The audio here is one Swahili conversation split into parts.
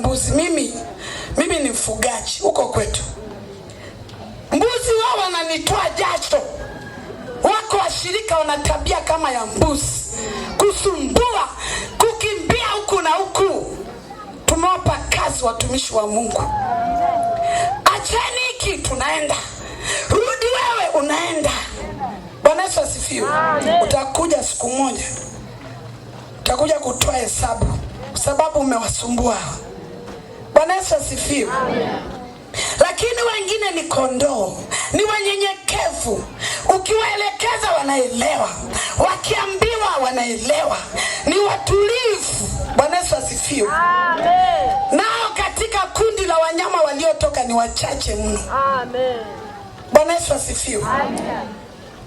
mbuzi. Mimi mimi ni mfugaji huko kwetu, mbuzi wao wananitoa jasho. Wako washirika wana tabia kama ya mbuzi, kusumbua, kukimbia huku na huku. Tumewapa kazi watumishi wa Mungu, acheni hiki, tunaenda rudi, wewe unaenda. Bwana Yesu asifiwe. Utakuja siku moja, utakuja kutoa hesabu, kwa sababu umewasumbua. Bwana Yesu asifiwe. Lakini wengine ni kondoo, ni wanyenyekevu. Ukiwaelekeza wanaelewa, wakiambiwa wanaelewa, ni watulivu. Bwana Yesu asifiwe. Nao katika kundi la wanyama waliotoka ni wachache mno. Amen. Bwana Yesu asifiwe.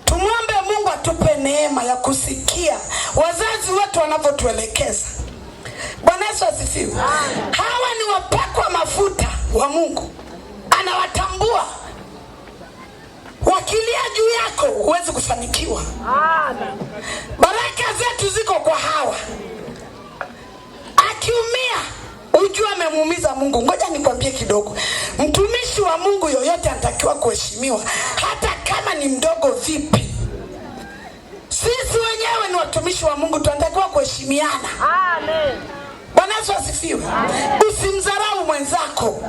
Tumwombe Mungu atupe neema ya kusikia wazazi wetu wanavyotuelekeza. Bwana Yesu asifiwe. Hawa ni wapakwa mafuta wa Mungu, anawatambua wakilia juu yako huwezi kufanikiwa. Baraka zetu ziko kwa hawa. Akiumia ujua amemuumiza Mungu. Ngoja nikwambie kidogo, mtumishi wa Mungu yoyote anatakiwa kuheshimiwa, hata kama ni mdogo vipi. Sisi wenyewe ni watumishi wa Mungu, tunatakiwa kuheshimiana. Amen. Bwana Yesu asifiwe. Usimdharau mwenzako,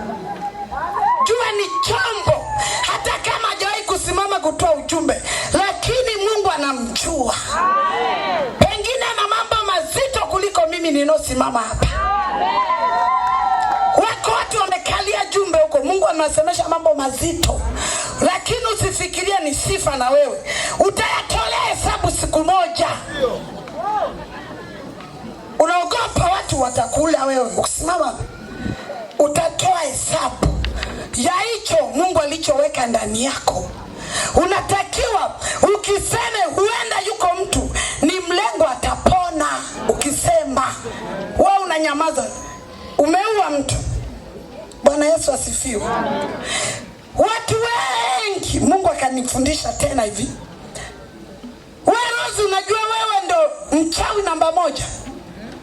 jua ni chombo, hata kama hajawahi kusimama kutoa ujumbe, lakini Mungu anamjua. Amen. Pengine ana mambo mazito kuliko mimi ninosimama hapa. Amen. Wako watu wamekalia jumbe huko, Mungu anasemesha mambo mazito, lakini usifikirie ni sifa, na wewe utayatolea siku moja. Unaogopa watu watakula wewe, ukisimama utatoa hesabu ya hicho Mungu alichoweka ndani yako. Unatakiwa ukiseme, huenda yuko mtu ni mlengo atapona. Ukisema wewe unanyamaza, umeua mtu. Bwana Yesu asifiwe. Watu wengi Mungu akanifundisha tena hivi Mwamuzi, unajua wewe ndo mchawi namba moja,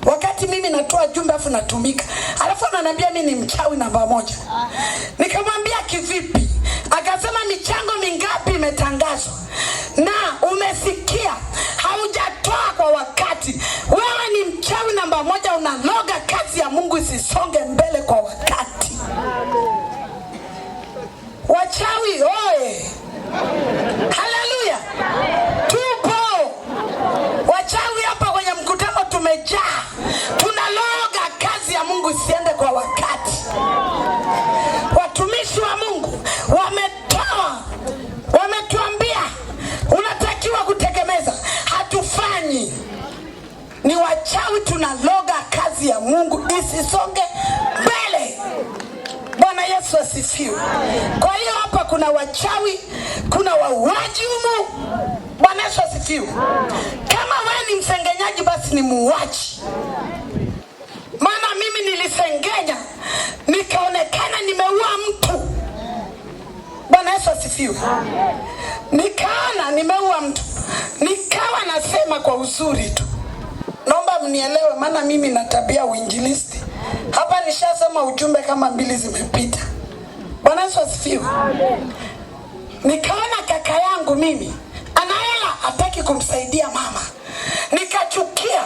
wakati mimi natoa jumbe afu natumika, alafu ananiambia mimi ni mchawi namba moja. Nikamwambia kivipi? Akasema michango mingapi imetangazwa na umesikia hauja zisonge mbele. Bwana Yesu asifiwe. Kwa hiyo hapa kuna wachawi, kuna wauaji humu. Bwana Yesu asifiwe. Kama wewe ni msengenyaji, basi ni muuaji. Maana mimi nilisengenya nikaonekana nimeua mtu. Bwana Yesu asifiwe. Nikaona nimeua mtu, nikawa nasema kwa uzuri tu, naomba mnielewe, maana mimi na tabia uinjilisti nimeshasoma ujumbe kama mbili zimepita. Bwana Yesu asifiwe. Nikaona kaka yangu mimi anahela hataki kumsaidia mama, nikachukia,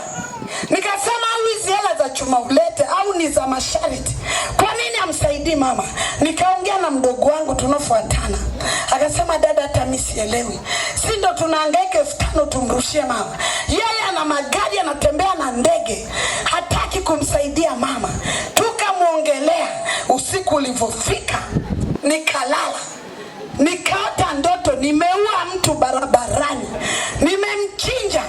nikasema au hizi hela za chuma ulete au ni za masharti, kwa nini amsaidii mama? Nikaongea na mdogo wangu tunafuatana, akasema dada, hata mimi sielewi, si ndo tunahangaika elfu tano tumrushie mama, yeye ana magari, anatembea na ndege, hataki kumsaidia mama tu nikaendelea. Usiku ulivyofika, nikalala, nikaota ndoto, nimeua mtu barabarani, nimemchinja,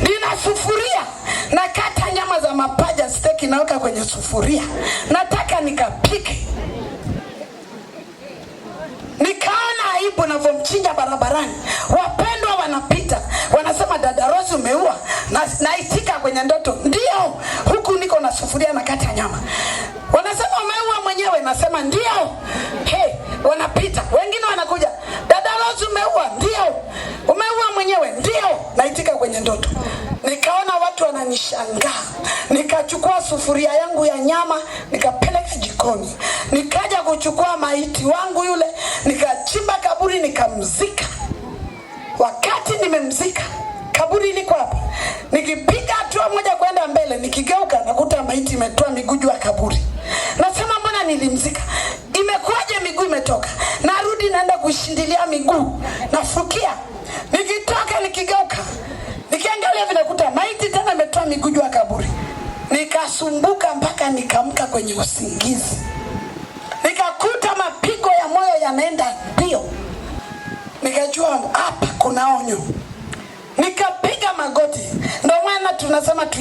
nina sufuria nakata nyama za mapaja, steki naweka kwenye sufuria, nataka nikapike. Nikaona aibu navyomchinja barabarani, wapendwa wanapita wanasema, dada Rose umeua, naitika na kwenye ndoto Wengine wanakuja, dada Rose, umeua? Ndio. Umeua mwenyewe? Ndio. Naitika kwenye ndoto. Nikaona watu wananishangaa, nikachukua sufuria yangu ya nyama nikapeleka jikoni, nikaja kuchukua maiti wangu yule, nikachimba kaburi nikamzika. Wakati nimemzika, kaburi liko hapa, nikipiga hatua moja kwenda mbele, nikigeuka nakuta maiti imetoa miguu ya kaburi. Nasema mbona nilimzika? Imekuwa nimetoka, narudi naenda kushindilia miguu, nafukia, nikitoka nikigeuka, nikiangalia vinakuta maiti tena imetoa miguu juu ya kaburi. Nikasumbuka mpaka nikamka kwenye usingizi, nikakuta mapigo ya moyo yanaenda mbio, nikajua hapa kuna onyo, nikapiga magoti. Ndio maana tunasema tu